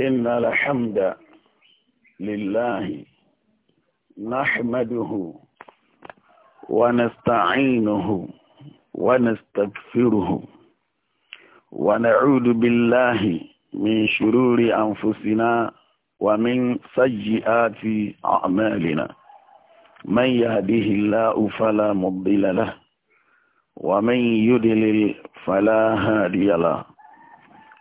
إن الحمد لله نحمده ونستعينه ونستغفره ونعوذ بالله من شرور أنفسنا ومن سيئات أعمالنا من يهده الله فلا مضل له ومن يدلل فلا هادي له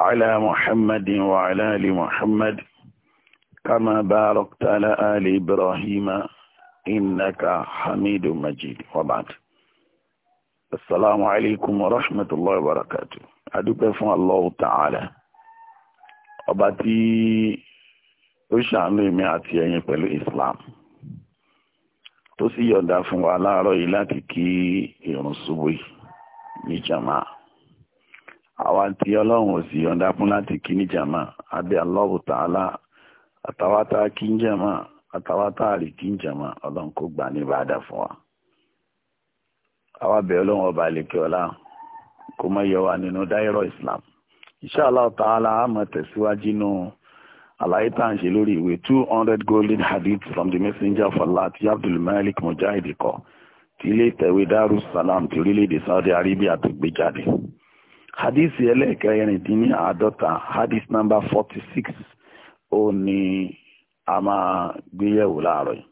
على محمد وعلى آل محمد كما باركت على آل إبراهيم إنك حميد مجيد وبعد السلام عليكم ورحمة الله وبركاته أدوك فن الله تعالى أباتي وشأن لي مئتي بالإسلام tó تسي yọ̀ǹda fún wa láàárọ̀ yìí láti kí ìrun àwa tí ọlọ́run ò sì yọ̀ǹda fún láti kí ní jàmá abẹ́ Allahu Ta'ala àtàwátá kí ń jàmá àtàwátá àrí kí ń jàmá ọlọ́run kò gbà ní ìbáàdà fún wa. àwa bẹ̀ ọlọ́run ọba àlekè ọ̀la kó má yọ wa nínú dáírọ̀ Islam Insha Allah Ta'ala a máa tẹ̀síwájú nínú àlàyé tá à ń ṣe lórí ìwé two hundred golden hadith from the messenger of Allah ti Abdul Malik Mujahid kọ ti ilé ìtẹ̀wé Darussalam ti orílẹ̀-èdè Saudi Arabia tó gbé jáde hadisi ẹlẹ́ẹ̀kẹrìndínláàádọ́ta hadith number forty six ó ní a máa gbéyẹ̀wò láàárọ̀ yìí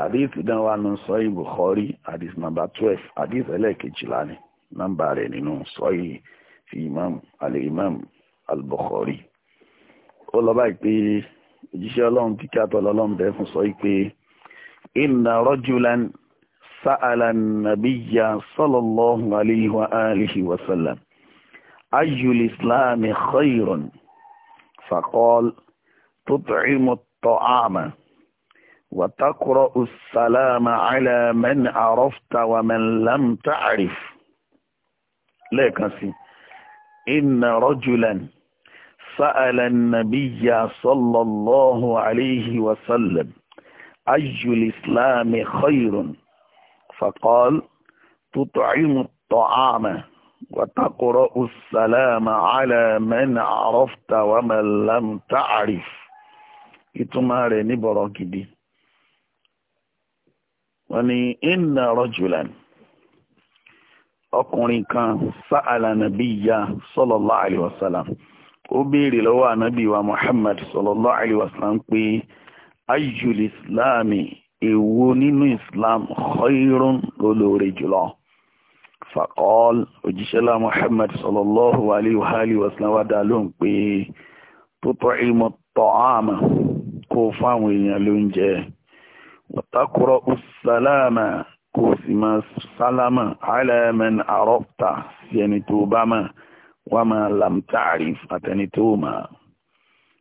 hadith náà wà nù sọ́yìn Bukhari hadith number twelve hadith ẹlẹ́ẹ̀kejìlá ni nọ́mbà rẹ̀ nínú sọ́yìn ti imam al-imam al-Bukhari ó lọ báyìí pé òjíṣẹ́ ọlọ́run tí kí atọ́ lọ́lọ́run bẹ́ẹ̀ fún sọ pé inna rajulan sa'ala an-nabiyya sallallahu alayhi wa alihi أي الإسلام خير فقال تطعم الطعام وتقرأ السلام على من عرفت ومن لم تعرف لكن إن رجلا سأل النبي صلى الله عليه وسلم أي الإسلام خير فقال تطعم الطعام wàtàkùrọ̀ ọ̀sálàmà alẹ́mẹ́nà àrọ́fta wàmẹ́lẹ́m tààrí ìtumọ̀ rẹ̀ ní bọ̀rọ̀ gidi wọ́n ní iná rọ́jùlán ọkùnrin kan sáàlà nàbí ya sọ́lọ́lá àlìwàsálàm ó béèrè lọ́wọ́ ànábì wa muhammad sọ́lọ́lá àlìwàsálàm pé ayyul islami èwo nínú islam khairun lólóore jùlọ fàkọ́ọ́l òjíṣẹ́lá Muhammad sallallahu alayhi wa sallam wádà ló ń pè tó tọ́ ìmọ̀ tọ́ àmà kó fáwọn èèyàn ló ń jẹ wàtàkùrọ̀ ọ̀sálàmà kó sì máa sálámà alaman arọ́pta sí ẹni tó bá mà wà máa lamtari àtẹni tó mà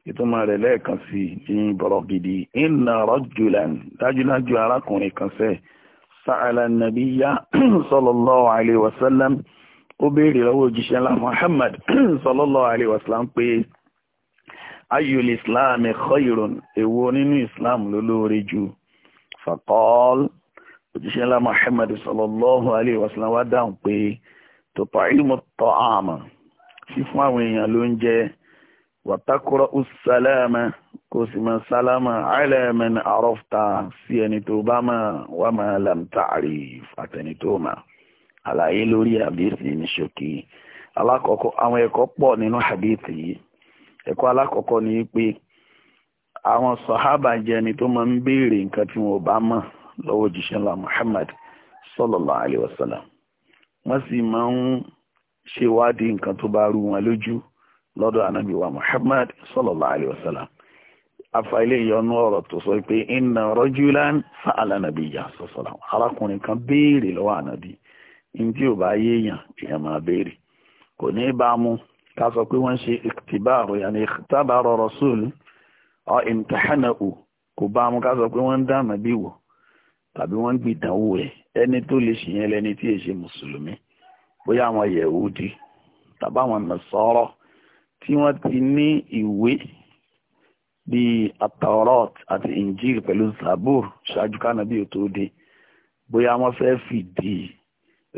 ìtumọ̀ rẹ̀ lẹ́ẹ̀kan sí ní bọ̀rọ̀ gidi inna rajulan dájúdájú arákùnrin kan sẹ́ẹ̀ sa'ala nàbíyá sallallahu alaihi wasallam ó béèrè lọ́wọ́ òjíṣẹ́ ńlá muhammad sallallahu alaihi wasallam pé ayyul islam khayrun èwo nínú islam ló lóore jù faqal òjíṣẹ́ ńlá muhammad sallallahu alaihi wasallam wá dáhùn pé tut'imu ta'ama fífún àwọn èèyàn ló ń jẹ wa taqra'u salama kosima salama ala man arafta siyani to ba ma wa ma lam ta'rif atani to ma ala ilori abisi ni shoki ala awon eko po ninu hadith yi eko ala koko ni awon sahaba je ni to nbere nkan ti won ba ma muhammad sallallahu alaihi wasallam masi ma n se wadi nkan to ba loju lodo anabi muhammad sallallahu alaihi wasallam afa ilé ìyọnu ọ̀rọ̀ tó sọ pé inna rajulan sa'ala nabiyya sallallahu arákùnrin kan béèrè lọ́wọ́ ànábì njẹ́ ò bá yéèyàn èèyàn máa béèrè kò ní bá mú ká sọ pé wọ́n ṣe ìtìbáàrò yàní ìtàbàrò rasul ọ ìmùtàhánà ò kò bá mú ká sọ pé wọ́n ń dá ànábì wò tàbí wọ́n ń gbìdánwò rẹ̀ ẹni tó lè ṣèyẹn lẹni tí èṣe mùsùlùmí bóyá àwọn yẹ̀wò di tàbáwọn nàṣọ́rọ̀ tí wọ́n ti ní ìwé bíi atawrot àti injil pẹ̀lú zabur ṣáájú kánábì ò tó dé bóyá wọ́n fẹ́ fìdí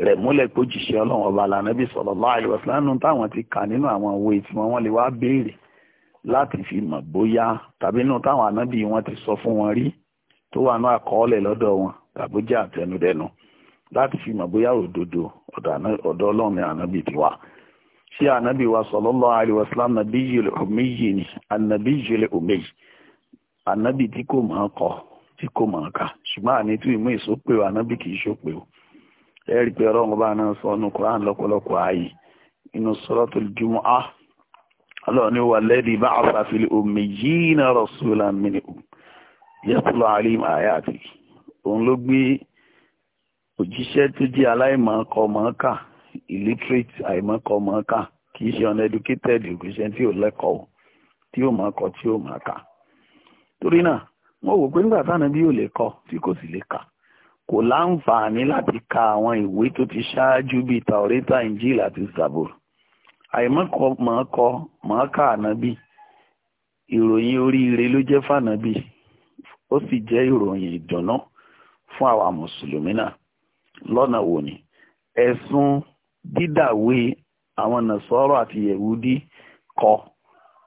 rẹ̀ múlẹ̀ pé òjíṣẹ́ ọlọ́run ọba lànàbí sallallahu alaihi wasallam nínú táwọn ti kà nínú àwọn òwe tí wọ́n lè wá béèrè láti fi mọ̀ bóyá tàbí nínú táwọn ànábì wọn ti sọ fún wọn rí tó wà ní àkọọ́lẹ̀ lọ́dọ̀ wọn tàbójá àtẹnudẹnu láti fi mọ̀ bóyá òdodo ọ̀dọ̀ ọlọ́run ànábì tí ànábì wa sallallahu alaihi wasallam nabiyul ummiyi ni annabiyul ummiyi ànábì tí kò mọ̀ kọ tí kò mọ̀ ká ṣùgbọ́n àní tí ìmú ìsópè o ànábì kì í ṣópè o ẹ rí i pé ọlọ́run bá náà sọ ọ́nù Qur'an lọ́pọ̀lọpọ̀ ààyè inú suratul Jumu'ah ọlọ́run ni walladhi ba'atha fil ummiyina rasulan minhum yatlu alayhim ayatihi òun ló gbé òjíṣẹ́ tó jẹ́ aláìmọ̀ọ́kọ mọ̀ọ́kà illiterate àìmọ̀kọ́mọ̀ọ́kà kì í ṣe uneducated kì í ṣe tí ò lẹ́kọ̀ọ́ tí ò mọ̀ kọ́ tí ò mọ̀ kà torí náà wọ́n wò pé nígbà táwọn bí ò lè kọ tí kò sì lè kà kò láǹfààní láti ka àwọn ìwé tó ti ṣáájú bíi taorita injil àti zabur àìmọ̀kọ́mọ̀ọ́kọ mọ̀ọ́kà ànábì ìròyìn oríire ló jẹ́ fànábì ó sì jẹ́ ìròyìn ìdùnnú fún àwa mùsùlùmí náà lọ́nà wo ni ẹ̀sùn dídàwé àwọn nàṣọ́rọ̀ àti yẹ̀wúdí kọ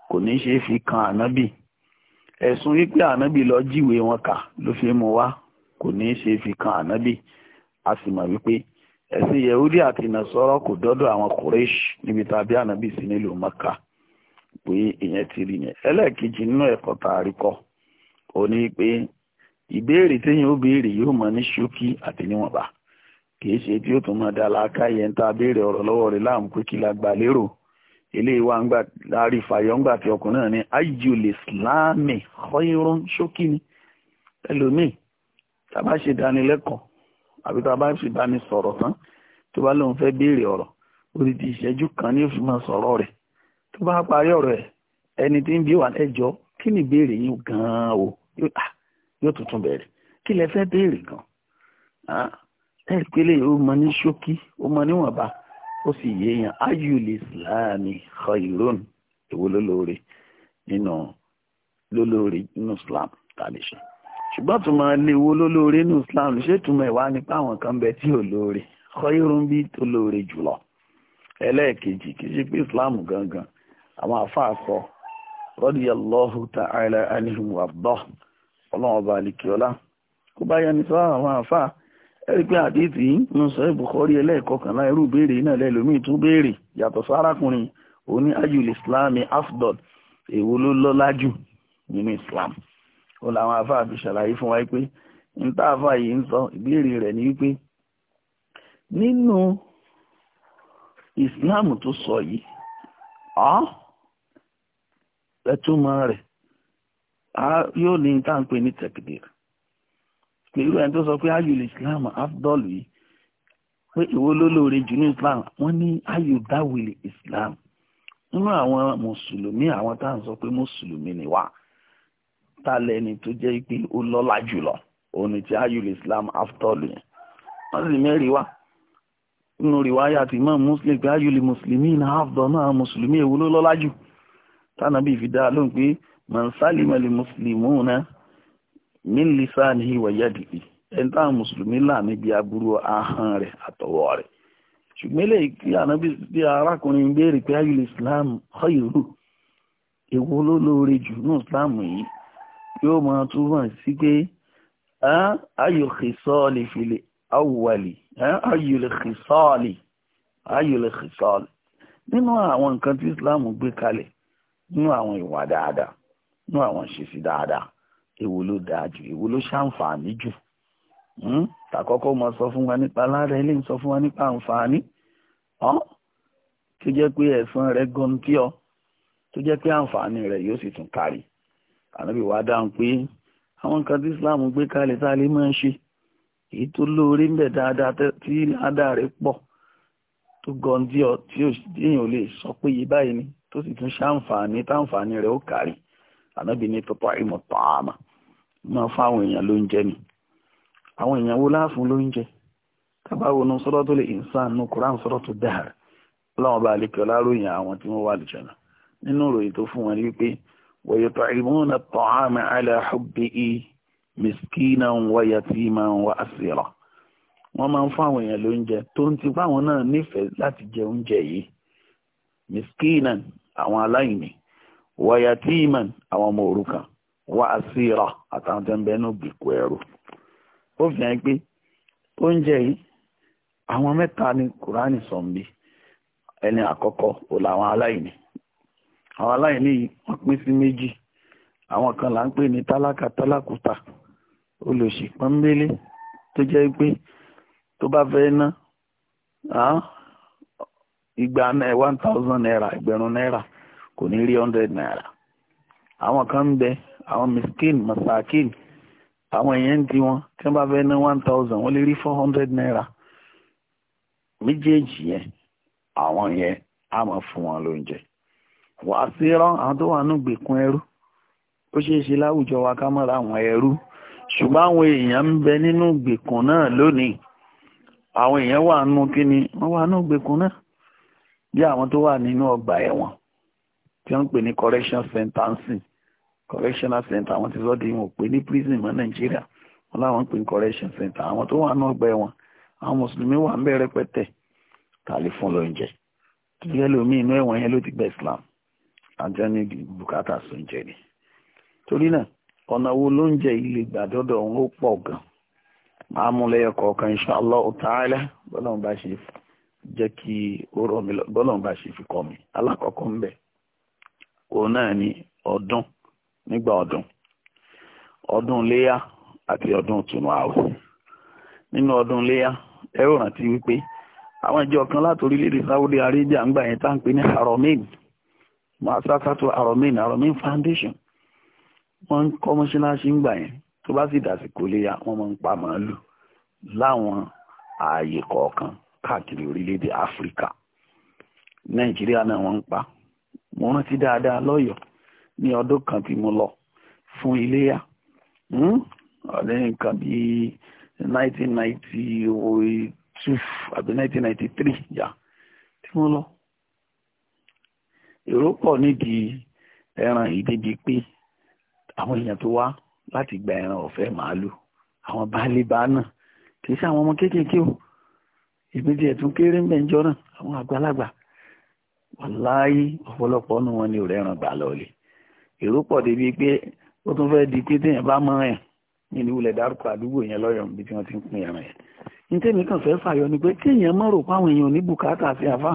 kò ní fi kan ànábì ẹ̀sùn wípé ànábì lọ jíwé wọn kà ló fi mú wá kò fi kan ànábì a sì mọ̀ wípé ẹ̀sìn yẹ̀wúdí àti nàṣọ́rọ̀ kò dọ́dọ̀ àwọn níbi tàbí ànábì sí nílùú pé ìyẹn ti rí yẹn ẹlẹ́ẹ̀kejì nínú ẹ̀kọ́ tààrí kọ́ ò pé ìbéèrè téèyàn ó kì í ṣe tí ó tún máa dá làákàyè ń ta béèrè ọ̀rọ̀ lọ́wọ́ rẹ̀ láàmú pé kí la gbà lérò eléyìí wá ń gbà láàrin fàyọ́ngbà tí ọkùnrin náà ní ayyul islami khayrun ṣókí ni ẹlòmíì tá a bá ṣe dánilẹ́kọ̀ọ́ àbí tá a bá ṣe báni sọ̀rọ̀ tán tó bá lóun fẹ́ béèrè ọ̀rọ̀ odidi ìṣẹ́jú kan ní òfin máa sọ̀rọ̀ rẹ̀ tó bá parí ọ̀rọ̀ ẹ̀ ẹni tí ń bí wà lẹ́jọ́ kí ni ìbéèrè yín gan-an o ah, yóò tuntun bẹ̀rẹ̀ kí lẹ fẹ́ béèrè gan-an ah, ẹ̀ẹ́dẹ́gbẹ́lẹ́ ó mọ ní ṣókí ó mọ níwọ̀nba ó sì yéèyàn ayul islami khairun èwo lólóore nínú lólóore nínú islam tàbí ṣe ṣùgbọ́n tó máa lé wo lólóore nínú islam ṣé túmọ̀ ìwà nípa àwọn kan bẹ tí ò lóore khairun bí tó lóore jùlọ ẹlẹ́ẹ̀kejì kì í ṣe pé islam gangan àwọn àfáà sọ radiyallahu ta'ala anihum wa bọ́ ọlọ́run ọba kó bá yẹn ní sọ àwọn àfáà ẹ̀rí pé àdìtì ń sọ ìbùkọ́rí ẹlẹ́ẹ̀kọkànlá irú béèrè náà lẹ́lòmíì tún béèrè yàtọ̀ sárákùnrin òní ayul islami afdol èwo ló lọ́lá jù nínú islam ó làwọn afáà fi ṣàlàyé fún wa pé n tá àfáà yìí ń sọ ìbéèrè rẹ̀ ni wípé nínú islam tó sọ yìí ọ́ ẹ̀túnmọ̀ rẹ̀ yóò ní tá à ń pè ní tẹ̀kìdìrì pẹ̀lú ẹni tó sọ pé ayùl islam afdol yìí pé ìwo ló lóore jù ní islam wọ́n ní ayùl dáwìl islam nínú àwọn mùsùlùmí àwọn tá à ń sọ pé mùsùlùmí ni wá ta lẹni tó jẹ́ pé ó lọ́lá jùlọ ti islam afdol yẹn wọ́n sì mẹ́rin wá nínú imam muslim pé mùsùlùmí ní afdol náà mùsùlùmí ló jù tánàbí fi dá lóhùn pé mùsùlùmí náà. min lisanihi wa yadihi ẹni táwọn mùsùlùmí là níbi aburú ahọ́n rẹ̀ àtọwọ́ rẹ̀ ṣùgbọ́n eléyìí tí ànábì bí arákùnrin ń béèrè pé ayé islam khayru èwo ló lóore jù ní islam yìí yóò máa túmọ̀ sí pé ayò kìsọ́ọ̀lì fil awwali ayò kìsọ́ọ̀lì ayò nínú àwọn nǹkan tí islam gbé kalẹ̀ nínú àwọn ìwà dáadáa nínú àwọn ìṣesí dáadáa èwo ló dáa jù èwo ló ṣàǹfààní jù hmm? tàkọ́kọ́ mọ sọ fún wa nípa lára ilé ń sọ fún wa nípa àǹfààní tó jẹ́ pé ẹ̀san rẹ̀ gan tí ọ tó jẹ́ pé àǹfààní rẹ̀ yóò sì tún kárí ànábì wa dáhùn pé àwọn nǹkan tí Islam gbé kalẹ̀ tá a lè máa ń ṣe èyí tó lóore ń bẹ̀ dáadáa tí ládàá rẹ̀ pọ̀ tó gan tí ọ tí èèyàn lè sọ pé yé báyìí ni tó sì tún ṣàǹfààní táǹfààní rẹ̀ ó kárí ànábì ní tọ́tọ́ àìmọ̀ tọ́ àmà máa fún àwọn èèyàn lóúnjẹ ni àwọn èèyàn wo láàfún lóúnjẹ tábàwọn ní suratul insan ní Qur'an suratul dahr ọlọ́wọ́n bá àlekè ọláròyìn àwọn tí wọ́n wà lùjọ́nà nínú ìròyìn tó fún wọn ni wípé wa yut'imuna at'ama ala hubbihi miskinan wa yatiman wa asira wọ́n máa ń fún àwọn èèyàn lóúnjẹ tó ń ti fáwọn náà nífẹ̀ẹ́ láti jẹ oúnjẹ yìí miskinan àwọn aláìní wa yatiman àwọn ọmọ òrukàn wá àṣírà àtàwọn tó ń bẹ nínú bìkú ẹrú ó fi hàn pé oúnjẹ yìí ni kùránì sọ bí ẹni àkọ́kọ́ ò làwọn aláìní àwọn aláìní yìí wọ́n pín sí méjì àwọn kan là ń pè ní tálákà tálákùtà olòṣì pọ́nbélé tó pé tó bá ná igba one thousand naira ẹgbẹ̀rún naira kò ní rí hundred naira àwọn kan ń bẹ àwọn miskin masakin àwọn èèyàn ń di wọn tí wọ́n bá fẹ́ ná one thousand wọ́n lè rí four hundred naira méjèèjì yẹn àwọn yẹn á máa fún wọn lóúnjẹ wà á sí rán àwọn tó wà nígbèkùn ẹrú ó ṣeé ṣe láwùjọ wa ká mọ́ra àwọn ẹrú ṣùgbọ́n àwọn èèyàn ń bẹ nínú gbèkùn náà lónìí àwọn èèyàn wà nù kíni wọ́n wà nù gbèkùn náà bí àwọn tó wà nínú ọgbà ẹ̀wọ̀n tí wọ́n ń pè ní correction sentencing correctional center àwọn ti sọ di wọn pé ní prison mọ́ nàìjíríà wọn láwọn ń pè ní correction center àwọn tó wà náà gbẹ wọn àwọn mùsùlùmí wà ń islam àjọ ní bukata ni torí náà ọ̀nà wo lóúnjẹ yìí lè gbà dọ́dọ̀ òun gan máa mú lẹ́yọ kọ̀ọ̀kan bá ṣe jẹ́ kí ó lọ bá ṣe nígbà ọdún ọdún léyà àti ọdún ìtùnú ààwẹ̀ nínú ọdún léyà ẹ ó rántí wípé àwọn ìjọ kan láti orílẹ̀-èdè Arabia ń gbà yẹn tá ń pè ní haromin masakatu haromin foundation wọ́n ń ń gbà yẹn tó bá sì dàsìkò léyà wọn máa ń pa màálù láwọn ààyè káàkiri orílẹ̀-èdè Áfíríkà Nàìjíríà ní ọdún kan tí mo lọ fún iléyà hmm? ọdún nǹkan bí nineteen ninety two àbí nineteen ninety three yà tí mo lọ èrò pọ̀ nídìí ẹran ìdíbi pé àwọn èèyàn tó wá láti gba ẹran ọ̀fẹ́ màálù àwọn baálé bá náà kì í ṣe àwọn ọmọ kéékèèké o ìbídí ẹ̀tún kéré mẹ́jọ náà àwọn àgbàlagbà wàláyé ọ̀pọ̀lọpọ̀ ọ̀nù wọn ni ò rẹ́ràn gbà lọ́ọ̀lẹ̀ èrò pọ̀ débi pé ó tún fẹ́ di pété yẹn bá mọ́ ẹ̀ nínú ilẹ̀ dárúkọ àdúgbò yẹn lọ́yọ̀ níbi tí wọ́n ti ń pín ẹran yẹn nítẹ̀mí kan fẹ́ fàyọ ni pé téèyàn mọ̀ rò páwọn èèyàn ní bùkátà àti àfà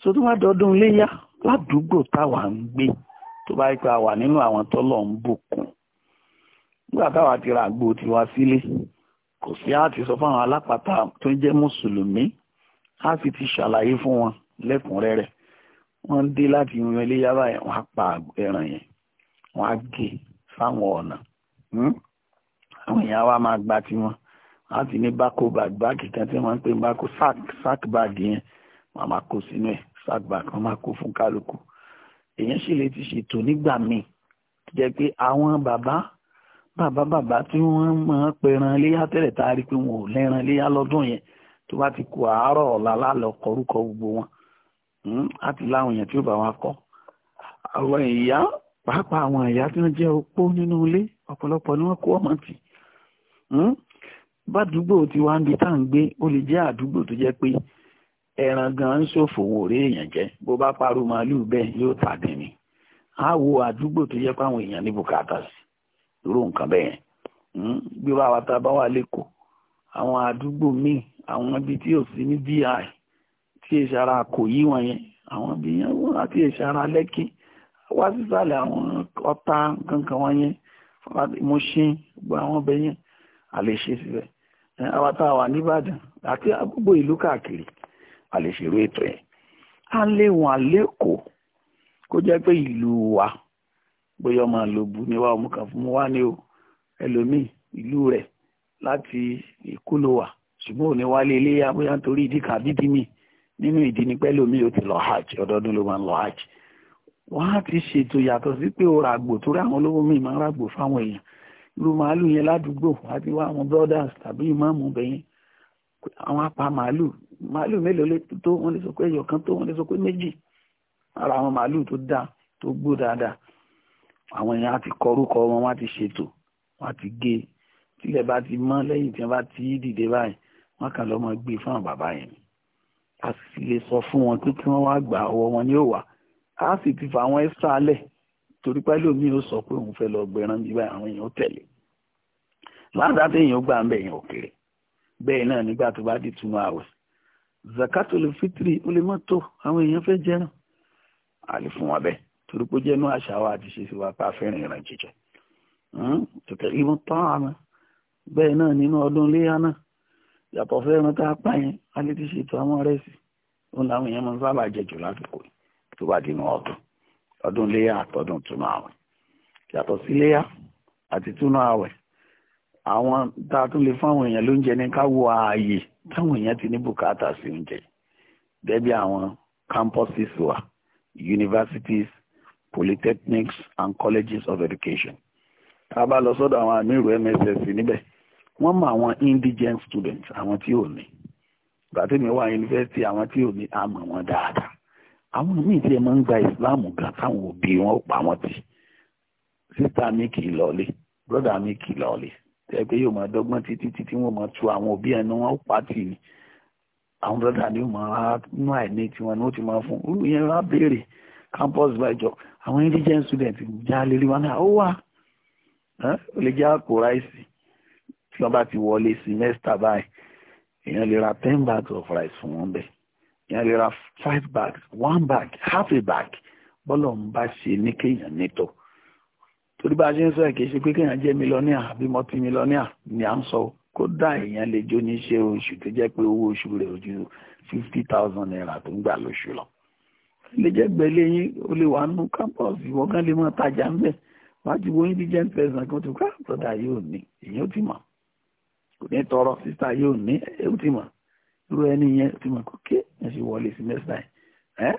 so tó wá dọdún léyà ládùúgbò táwa ń gbé tó bá pa wà nínú àwọn tọ́lọ̀ ń bùkún nígbà táwa ti ra àgbo tiwa sílé kò sí àti sọ fáwọn alápàtà tó jẹ́ mùsùlùmí á sì ti ṣàlàyé fún wọn lẹ́kùnrẹ́rẹ́ wọ́n dé láti yan iléyá báyìí wọ́n á pa ẹran yẹn wọ́n á gé fáwọn ọ̀nà hmm? àwọn èèyàn wa máa gba tiwọn láti ní bákò báàgì kan tí wọ́n ń pè bákò sack báàgì yẹn wọ́n máa kó sínú ẹ̀ sack báàgì wọ́n máa kó fún kálukú èèyàn sì lè ti ṣètò nígbà míì jẹ́ pé àwọn bàbá bàbá bàbá tí wọ́n máa pẹran léyà tẹ́lẹ̀ tá a rí pé wọn ò lẹ́ran léyà lọ́dún yẹn tó bá ti kú àárọ̀ ọ̀la lálọ́ kọrúkọ gbogbo wọn Hmm, láti láwọn èèyàn tí ó bá wa kọ́ àwọn ìyá pàápàá àwọn ìyá tí wọ́n jẹ́ opó nínú ilé ọ̀pọ̀lọpọ̀ ni wọ́n kó ọmọ tì hmm, bádùúgbò tí wàá ń bi tá à ń gbé ó lè jẹ́ àdúgbò tó jẹ́ pé ẹran gan ń ṣòfò wò rí èèyàn jẹ bó bá parú màálùú bẹ́ẹ̀ yóò tàdé ni á wo àdúgbò tó jẹ́ páwọn èèyàn ní bùkátà sí irú nǹkan bẹ́ẹ̀ gbé hmm, wa wa ta bá wà lẹ́kọ̀ọ́ àwọn àdúgbò míì àwọn ibi tí ò sí ní bi tí èsì ara kò yí wọn yẹn àwọn ibi yẹn wọn àti èsì ara lẹ́kí wá sísàlẹ̀ àwọn ọ̀tá kankan wọn yẹn mo ṣe gbogbo àwọn ọbẹ̀ yẹn a lè ṣe síbẹ̀ àwa tá a wà nìbàdàn àti gbogbo ìlú káàkiri a lè ṣèrú ètò yẹn a lè wọn lẹ́kọ̀ọ́ kó jẹ́ pé ìlú wa bóyá ọmọ àlòbù ni wa ọmọ kan fún wa ni o ẹlòmíì ìlú rẹ̀ láti ìkúlò wà ṣùgbọ́n òní wálé iléyà bóyá nítorí ìdí kàbíbí mi nínú ìdí ni pẹ́ lómi ó ti lọ hajj ọdọọdún ló máa ń lọ hajj wọ́n á ti ṣètò yàtọ̀ sí pé ó ra àgbò tó rí àwọn olówó míì máa ń ra àgbò fáwọn èèyàn irú màálù yẹn ládùúgbò àti wá àwọn brothers tàbí ìmáàmù bẹ̀yẹn àwọn apá màálù màálù mélòó lè tó wọ́n lè sọ pé ẹyọ kan tó wọ́n lè sọ pé méjì ara àwọn màálù tó dáa tó gbó dáadáa àwọn èèyàn á ti kọ orúkọ wọn wọ́n á ti ṣètò wọ́n á ti gé tílẹ̀ bá ti mọ́ lẹ́yìn tí wọ́n bá ti dìde báyìí wọ́n kàn lọ́mọ gbé fún bàbá yẹn ni a sì lè sọ fún wọn pé kí wọ́n wá gbà ọwọ́ wọn ní òwà a sì ti fà àwọn ẹ́sà lẹ̀ torí pé lómi ò sọ pé òun fẹ́ lọ gbẹran bíbá àwọn èèyàn tẹ̀lé ládàá téèyàn gbà ń bẹ̀ yẹn òkèrè bẹ́ẹ̀ náà nígbà tó bá di túnú àwẹ̀ zakato lè fitiri ó lè mọ́tò àwọn èèyàn fẹ́ jẹran àlè fún wa bẹ́ẹ̀ torí pé jẹ́nu àṣà wa àti ṣe sí wa pa fẹ́ràn ìran jíjẹ hmm? tòkẹ́ ìmọ̀ tán àná bẹ́ẹ̀ náà nínú ọdún léyà náà yàtọ̀ fẹ́ràn tá a pa yẹn a lè ti ṣètò àwọn rẹ́sì ó láwọn èèyàn máa ń sábà jẹ jù lásìkò tó bá dínú ọdún ọdún léyà àtọdún túnú àwẹ̀ yàtọ̀ sí léyà àti túnú àwẹ̀ àwọn tá a tún lè fún àwọn èèyàn lóúnjẹ ní ká wo ààyè táwọn èèyàn ti ní bùkátà sí oúnjẹ gẹ́gẹ́ àwọn campuses wa universities polytechnics and colleges of education tá a bá lọ sọ́dọ̀ àwọn àmì ìrù MSS níbẹ̀ wọ́n mọ àwọn indigent students àwọn tí ò ní gbàtẹ́mi wà yunifásitì àwọn tí ò ní àmọ̀ wọn dáadáa àwọn míì tí ẹ máa ń gba Islam gan táwọn òbí wọn ò pa wọn tì sísá mi kì í lọlé brọ́dà mi kì í lọlé tẹ́ pé yóò máa dọ́gbọ́n títí títí wọ́n máa tu àwọn òbí ẹni wọn ó pa tì ní àwọn brọ́dà ni ó máa nú àìní tiwọn ni ó ti máa fún olú yẹn wá béèrè campus bàjọ àwọn indigent students jálè rí wọn náà ó wà ó lè jẹ́ àpò ráìsì tí wọ́n bá ti wọlé semester báyìí èèyàn lè ra ten bags of rice fún wọn bẹ́ẹ̀ èèyàn lè ra five bags one bag half a bag bọ́lọ̀ ń bá ṣe ní kéèyàn nítọ̀ torí bá a ṣe ń sọ kì í ṣe pé kéèyàn jẹ́ mílíọ̀nìà àbí mọ́tí mílíọ̀nìà ni à ń sọ kódà èèyàn lè jó níṣẹ́ oṣù tó jẹ́ pé owó oṣù rẹ̀ ojú fifty thousand naira tó ń gbà lóṣù lọ lè jẹ́ gbẹ̀lẹ́ yín o lè wà nù campus ìwọ́n kan lè mọ tajà ń bẹ̀ wájú wo yín bí jẹ́ ń pẹ̀sán kan tó ká àtọ́dá ah, yóò ní èyí ó ti mọ̀ kò ní tọrọ sísá yóò ní ewu ti mọ̀ irú ẹni yẹn ti mọ̀ kókè ẹ̀ ṣe wọlé sí mẹ́sà ẹ̀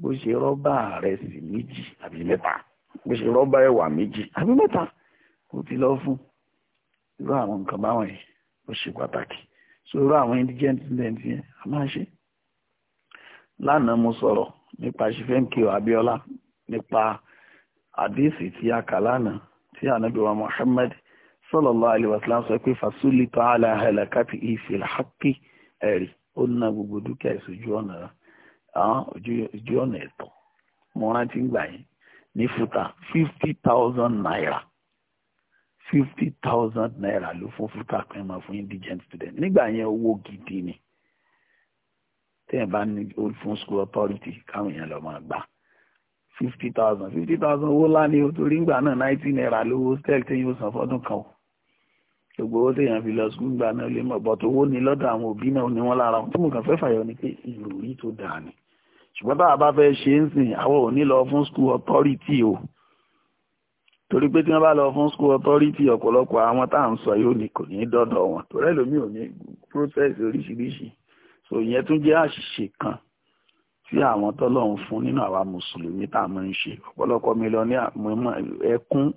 bó ṣe rọ́bà rẹ̀ sí méjì àbí mẹ́ta bó ṣe rọ́bà ẹ̀wà méjì àbí mẹ́ta ó ti lọ fún irú àwọn nǹkan báwọn yìí ó ṣe pàtàkì so irú àwọn indigent student yẹn a máa ṣe lánàá mo sọ̀rọ̀ nípa ṣífẹ́ǹkì Abíọ́lá nípa àdéhìsì tí a kà lánàá tí ànábì wa Muhammad sallallahu alaihi wasallam sọ pé fàṣúlì tó àlà àlàkàtì ìfìlà hákì ẹ̀rí ó ná gbogbo dúkìá ìṣojú ọ̀nà ojú ọ̀nà ẹ̀tọ́ mo rántí gbà yín ní fúta fifty thousand naira fifty thousand naira ló fún fúta kan máa fún indigent student nígbà yẹn owó gidi ni téèyàn bá ní old fún school authority káwọn èèyàn lọ máa gbà fifty thousand fifty thousand owó ńlá ni o torí ńgbà náà ninety naira lówó hostel téèyàn ó san fọdún kan o gbogbo owó téèyàn fi lọ sùkúl gbà náà lè mọ̀ bọ́tò owó ni lọ́dọ̀ àwọn òbí náà ni wọ́n lára wọn tí mo kàn fẹ́ fàyọ ni pé ìròrí tó dáa ni ṣùgbọ́n tá a bá fẹ́ ṣe ń sìn àwọn ò ní lọ fún school authority o torí pé tí wọ́n bá lọ fún school authority ọ̀pọ̀lọpọ̀ àwọn tá à ń sọ yóò ní kò ní dọ́dọ̀ wọn torí ẹlòmíì ò ní process oríṣiríṣi so ìyẹn tún jẹ́ àṣìṣe kan tí àwọn tọ́lọ́run fún nínú àwa mùsùlùmí tá a máa ń ṣe ọ̀pọ̀lọpọ̀ mílíọ̀nù ẹkún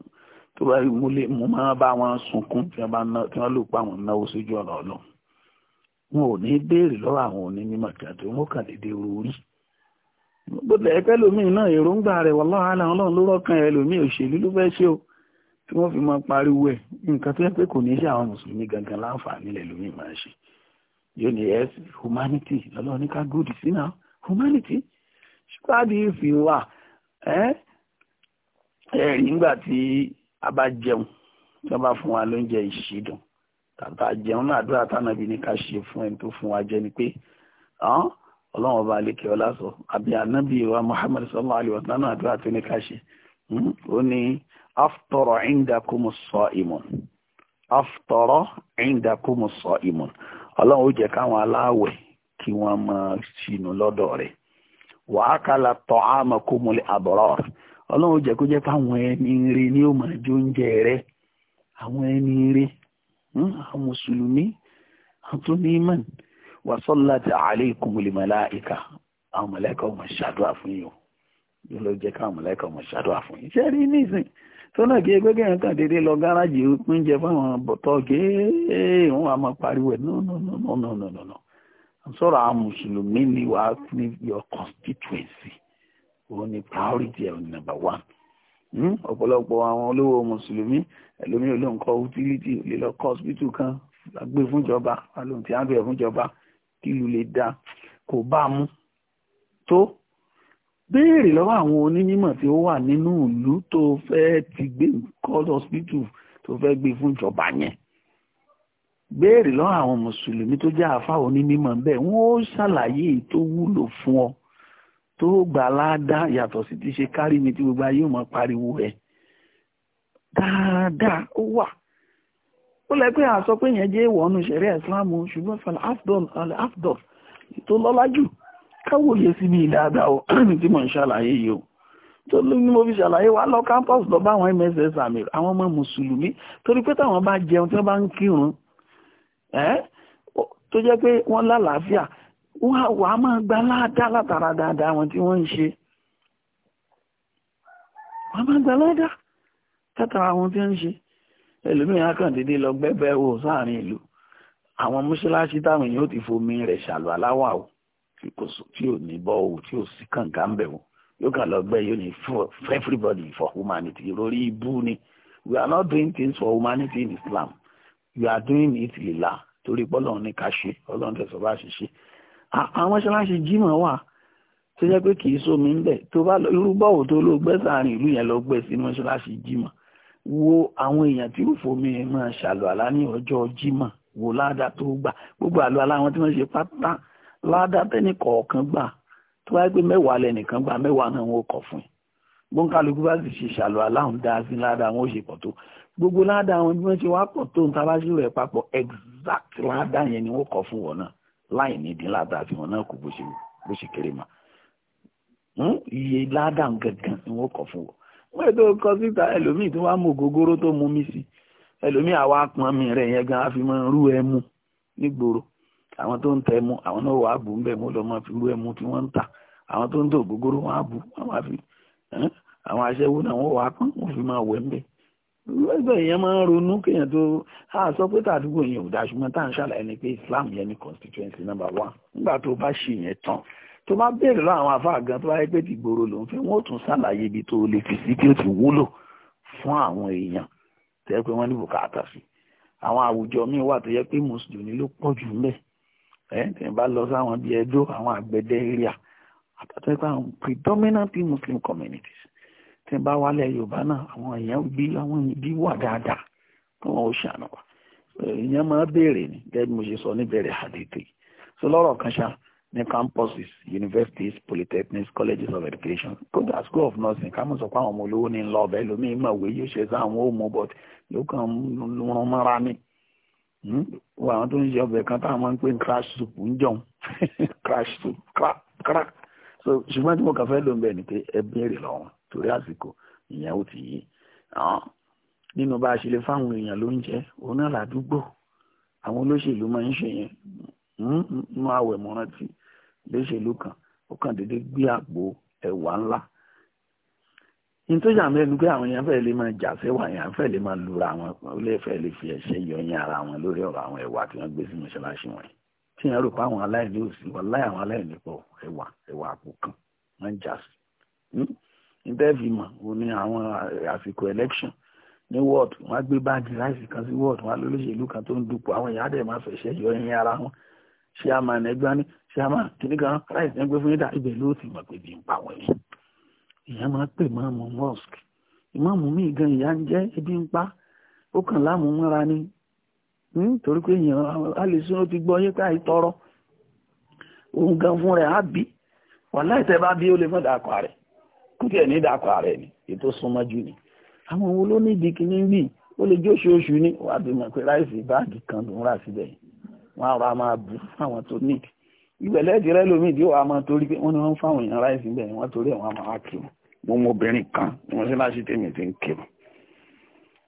tó bá rí mo lè mo máa bá wọn sunkún tí wọ́n bá ná tí wọ́n lò pa àwọn náwó sójú ọ̀nà ọ̀nà wọn ò ní béèrè lọ́wọ́ àwọn òní mímọ̀ kàtó wọn kà dédé rúurí gbọ́dọ̀ ẹ̀kẹ́ lómìn náà èròǹgbà rẹ̀ wàláhà làwọn lọ́run ló rọ́kàn ẹ̀ lómìn òṣèlú ló fẹ́ ṣe o tí wọ́n fi máa pariwo ẹ̀ nǹkan tó yẹ pé kò ní í ṣe àwọn mùsùlùmí gangan láǹfààní lẹ̀ lómìn máa ṣe yóò ní ẹ humanity lọ́lọ́run ní ká gòdì sí náà humanity ṣùgbọ́n àdìyí fi wà ẹ́ ẹ̀rí ńgbà tí a bá jẹun tí wọ́n bá fún wa lóúnjẹ ìṣídùn tàbá jẹun náà àdúrà tánàbí ní ká ṣe fún ẹni tó fún wa jẹ ni pé ọba àlekè ọlá sọ àbí ànábì wa Muhammad sallallahu alayhi wa àdúrà tó ní ká ṣe hmm? ó ní aftọrọ indakumu aftọrọ ó káwọn kí máa ṣìnú ọlọ́run jẹ́ kó jẹ́ fáwọn ẹni rẹ ní ó máa jó oúnjẹ rẹ àwọn ẹni rẹ hmm, àwọn mùsùlùmí àwọn tó ní imán wà sọ́lá ti àlẹ́ ìkùnbùlì màláìka àwọn màláìka ọmọ ṣàdúrà fún yìí o yóò lọ jẹ́ káwọn màláìka ọmọ ṣàdúrà fún yìí. ṣé rí nísìn tó náà kí ẹgbẹ́ gẹ̀yìn kan dédé lọ gáràjì oúnjẹ fáwọn bọ̀tọ̀ kéé eh, wọn àmọ́ pariwo ẹ̀ nọ́ọ̀nọ́ọ̀nọ́ọ̀nọ́ọ̀nọ́ your constituency òun ni priority ẹ̀ ní number one hmm? ọ̀pọ̀lọpọ̀ àwọn olówó mùsùlùmí ẹlòmí olóńkọ utility lè lọ kọ́ hospital kan gbé fúnjọba alóhùn tí a ń bẹ̀rẹ̀ fúnjọba kí ìlú lè dáa kò bá mú tó béèrè lọ́wọ́ àwọn onímọ̀ tí ó wà nínú ìlú tó fẹ́ ti gbé nǹkan hospital tó fẹ́ gbé fúnjọba yẹn béèrè lọ́wọ́ àwọn mùsùlùmí tó jẹ́ àáfàá onímọ̀ bẹ́ẹ̀ wọ́n ó ṣàlàyé tó wúlò fún ọ tó gbà ládá yàtọ̀ sí ti ṣe kárí mi tí gbogbo ayé ò mọ̀ pariwo ẹ̀ dáadáa ó wà ó lẹ pé àsọ pé yẹn jẹ́ ìwọ̀nù ìṣẹ̀rẹ́ islam ṣùgbọ́n fàlẹ́ afdol alẹ́ afdol tó lọ́lá jù káwòye sí mi dáadáa o tí mo ń ṣàlàyé yìí o tó ló ní mo fi ṣàlàyé wá lọ campus lọ bá àwọn mss àmì àwọn ọmọ mùsùlùmí torí pé táwọn bá jẹun tí wọ́n bá ń kírun tó jẹ́ pé wọ́n lálàáfíà wà wà máa gba láàdá látara dáadáa wọn tí wọ́n ń ṣe wà máa gba láàdá látara wọn tí wọ́n ń ṣe ẹlòmíràn akàndínlẹ́ lọ gbẹ́bẹ́ wò sáàrin ìlú àwọn mọ́ṣáláṣí táwọn èèyàn ti fomi rẹ̀ ṣàlù aláwà o tí ò ní bọ́ o tí ò sí kàǹkà ń bẹ̀ o yóò kàn lọ gbẹ́ yóò ní for everybody for humanity lórí ibú ni we are not doing things for humanity in Islam we are doing it lila torí pé Ọlọ́run ní ká ṣe Ọlọ́run tẹ̀sán bá ṣe ṣe àwọn mọ́ṣáláṣí jímọ̀ wà tó jẹ́ pé kì í sómi ń bẹ̀ tó bá irú bọ́ọ̀wù tó ló gbẹ́ sàárín ìlú yẹn lọ gbẹ́ sí mọ́ṣáláṣí jímọ̀ wo àwọn èèyàn tí òfò mi máa ṣàlùwàlá ní ọjọ́ jímọ̀ wo ládàá tó gbà gbogbo àlùwàlá wọn tí wọ́n ṣe pátá ládàá tẹ́nì kọ̀ọ̀kan gbà tó wáyé pé mẹ́wàá lẹ́nìkan gbà mẹ́wàá náà wọn kọ̀ fún un gbọ́nkálukú bá sì ṣe ṣàlùwàlá ń dá sí ládàá wọn ó ṣe pọ̀ tó gbogbo ládàá wọn bí wọ́n ṣe wá pọ̀ tó ń tabáṣírò ẹ̀ papọ̀ exact ládàá yẹn ni wọ́n kọ̀ fún wọn náà láì nídìí ládàá tí wọn náà kú bó ṣe bó ṣe kéré mà hm? iye ládàá gangan ni wọn kọ fún wọn wọn ètò kọ síta ẹlòmíì tí wàá mú ògógóró tó mú mi sí ẹlòmíì àwa pọn mi rẹ yẹn gan àfi máa rú ẹmu nígboro àwọn tó ń tẹ ẹmu àwọn náà wàá bù ń bẹ mú lọ máa fi rú ẹmu tí wọn ń tà àwọn tó ń tẹ ògógóró wọn á bù wọn máa fi hm? àwọn aṣẹ́wó náà wọn wàá pọn wọn fi máa wẹ̀ ń bẹ́ẹ̀ lọ́gbọ̀n èèyàn máa ń ronú kéèyàn tó a sọ pé tàdúgbò yẹn ò dáa ṣùgbọ́n tá à ń ṣàlàyé ni pé Islam yẹn ni constituency number one nígbà tó bá ṣe yẹn tán tó bá béèrè lọ àwọn afá gan tó bá yẹ pé tìgboro lòún fẹ́ wọ́n tún ṣàlàyé ibi tó lè fi sí kí ó ti wúlò fún àwọn èèyàn tẹ́ pé wọ́n ní bùkátà sí àwọn àwùjọ míì wà tó yẹ pé mùsùlùmí ló pọ̀ jù ńlẹ̀ ẹ̀ tẹ̀ bá lọ sáwọn bíi ẹjọ́ àwọn àgbẹ̀dẹ area àtàtẹ́pẹ́ predominantly Muslim communities tí bá wálẹ̀ yorùbá náà àwọn èèyàn bí àwọn ibi wà dáadáa kí wọ́n ó ṣàánú wa èèyàn máa béèrè ni gẹ́gẹ́ mo ṣe sọ níbẹ̀rẹ̀ àdètè so lọ́rọ̀ kan ṣá ní campuses universities polytechnics colleges of education kódà school of nursing ká mọ̀ sọ pé àwọn ọmọ olówó ní lọ ọbẹ̀ lómi ìmọ̀ òwe yóò ṣe sá àwọn òmò but yóò kàn rún mọ́ra ni hmm? wọ àwọn tó ń ṣe ọbẹ̀ kan táwọn máa ń pè ní crash soup ń jọun crash soup crack crack so ṣùgbọ́n tí mo kàn fẹ́ lò ń ni pé ẹ béèrè lọ́wọ́ torí àsìkò ìyẹn ó ti yí nínú bá a ṣe lè fáwọn èèyàn ló ń jẹ òun náà ládùúgbò àwọn olóṣèlú máa ń ṣe yẹn hmm, nínú àwẹ̀ mọ́rántì olóṣèlú kan ó kàn déédéé gbé àpò ẹ̀wà ńlá ní tó yà mẹ́nu pé àwọn èèyàn fẹ́ lè máa jà sẹ́wà èèyàn fẹ́ lè máa lura àwọn ó lè fẹ́ lè fi ẹ̀ṣẹ́ yọ yín ara wọn lórí ọ̀rọ̀ àwọn ẹ̀wà tí wọ́n gbé sí mọ́ṣáláṣí wọn tí yẹn rò pé àwọn aláìní ò sí wọn láì àwọn aláìní pọ̀ ẹ̀wà ẹ̀wà àpò kan wọ́n ń jà sí hmm? níbẹ̀ẹ́fì mọ̀ ni ní àwọn àsìkò election ní ward wọn á gbé báàgì láìsí kan sí ward wọn á lólóṣèlú kan tó ń dupò àwọn èèyàn á dẹ̀ máa fẹ̀ṣẹ̀ yọ ẹyin ara wọn ṣé a máa nẹgbẹ́ ní ṣé a máa kíní kan láìsí ẹgbẹ́ fún yídà ibẹ̀ ló ti mọ̀ pé bí n pa wọ́n yìí máa pè mọ́ ọmọ mosque ìmọ̀ọ́mù mi gan ìyá ń jẹ́ ebi ń pa ó kàn láàmú mọ́ra ni hmm, torí pé èèyàn alẹ́sùn ó ti gbọ́ yín káyìí tọrọ òun gan fún rẹ̀ á bí wàláì bá bí ó lè mọ̀ dàkọ̀ rẹ̀ kó tiẹ̀ ní ìdàkọ̀ ààrẹ ni ètò súnmọ́ jù ni àwọn wo ló ní ìdí kìíní bì ó lè jó oṣooṣù ní wàá bí mọ̀ pé ráìsì báàgì kan ló ń rà síbẹ̀ wọn àrà máa bù fáwọn tó níìdì ìgbẹ̀lẹ́ ti rẹ́ lómi ìdí wàá máa torí pé wọ́n ní wọ́n fáwọn èèyàn ráìsì bẹ́ẹ̀ wọ́n torí àwọn àmọ́ àkì mo mọ obìnrin kan ni wọ́n ṣe tèmi ti ń kiri